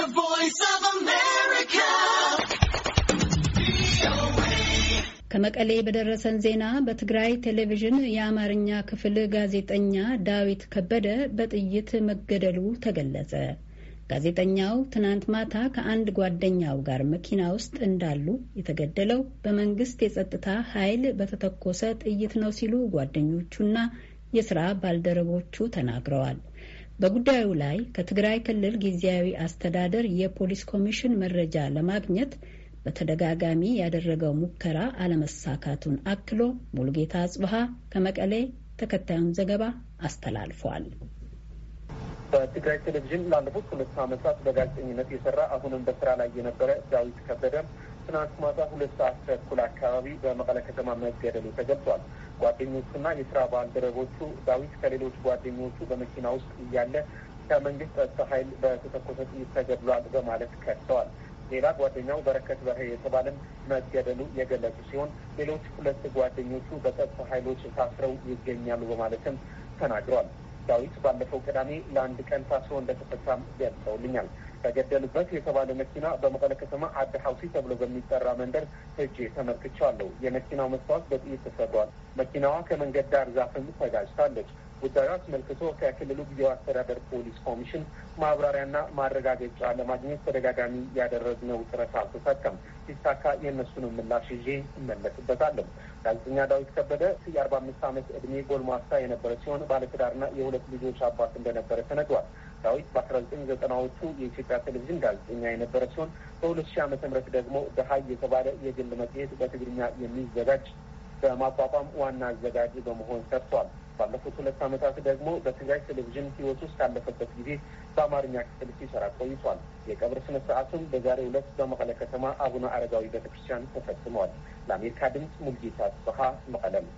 The Voice of America. ከመቀሌ በደረሰን ዜና በትግራይ ቴሌቪዥን የአማርኛ ክፍል ጋዜጠኛ ዳዊት ከበደ በጥይት መገደሉ ተገለጸ። ጋዜጠኛው ትናንት ማታ ከአንድ ጓደኛው ጋር መኪና ውስጥ እንዳሉ የተገደለው በመንግስት የጸጥታ ኃይል በተተኮሰ ጥይት ነው ሲሉ ጓደኞቹና የስራ ባልደረቦቹ ተናግረዋል። በጉዳዩ ላይ ከትግራይ ክልል ጊዜያዊ አስተዳደር የፖሊስ ኮሚሽን መረጃ ለማግኘት በተደጋጋሚ ያደረገው ሙከራ አለመሳካቱን አክሎ ሙሉጌታ አጽብሃ ከመቀሌ ተከታዩን ዘገባ አስተላልፏል። በትግራይ ቴሌቪዥን ላለፉት ሁለት ዓመታት በጋዜጠኝነት የሰራ አሁንም በስራ ላይ የነበረ ዳዊት ከበደ ትናንት ማታ ሁለት ሰዓት ተኩል አካባቢ በመቀለ ከተማ መገደሉ ተገልጿል። ጓደኞቹና የስራ ባልደረቦቹ ዳዊት ከሌሎች ጓደኞቹ በመኪና ውስጥ እያለ ከመንግስት ጸጥታ ኃይል በተተኮሰ ጥይት ተገድሏል በማለት ከሰዋል። ሌላ ጓደኛው በረከት በርሄ የተባለም መገደሉ የገለጹ ሲሆን ሌሎች ሁለት ጓደኞቹ በጸጥታ ኃይሎች ታስረው ይገኛሉ በማለትም ተናግሯል። ዳዊት ባለፈው ቅዳሜ ለአንድ ቀን ታስሮ እንደተፈታም ገልጸውልኛል። ተገደሉበት የተባለ መኪና በመቀለ ከተማ አድ ሀውሲ ተብሎ በሚጠራ መንደር ሄጄ ተመልክቻለሁ። የመኪናው መስታወት በጥይት ተሰብሯል። መኪናዋ ከመንገድ ዳር ዛፍም ተጋጭታለች። ጉዳዩ አስመልክቶ ከክልሉ ጊዜያዊ አስተዳደር ፖሊስ ኮሚሽን ማብራሪያና ማረጋገጫ ለማግኘት ተደጋጋሚ ያደረግነው ጥረት አልተሳካም። ሲሳካ የእነሱንም ምላሽ ይዤ እመለስበታለሁ። ጋዜጠኛ ዳዊት ከበደ የአርባ አምስት ዓመት ዕድሜ ጎልማሳ የነበረ ሲሆን ባለትዳርና የሁለት ልጆች አባት እንደነበረ ተነግሯል። ዳዊት በአስራ ዘጠኝ ዘጠናዎቹ የኢትዮጵያ ቴሌቪዥን ጋዜጠኛ የነበረ ሲሆን በሁለት ሺህ ዓመተ ምህረት ደግሞ በሀይ የተባለ የግል መጽሔት በትግርኛ የሚዘጋጅ በማቋቋም ዋና አዘጋጅ በመሆን ሰርቷል። ባለፉት ሁለት ዓመታት ደግሞ በትግራይ ቴሌቪዥን ህይወት ውስጥ ካለፈበት ጊዜ በአማርኛ ክፍል ሲሰራ ቆይቷል። የቀብር ስነ ስርዓቱም በዛሬው ዕለት በመቀለ ከተማ አቡነ አረጋዊ ቤተክርስቲያን ተፈጽመዋል። ለአሜሪካ ድምፅ ሙልጌታ ጽበሀ መቀለም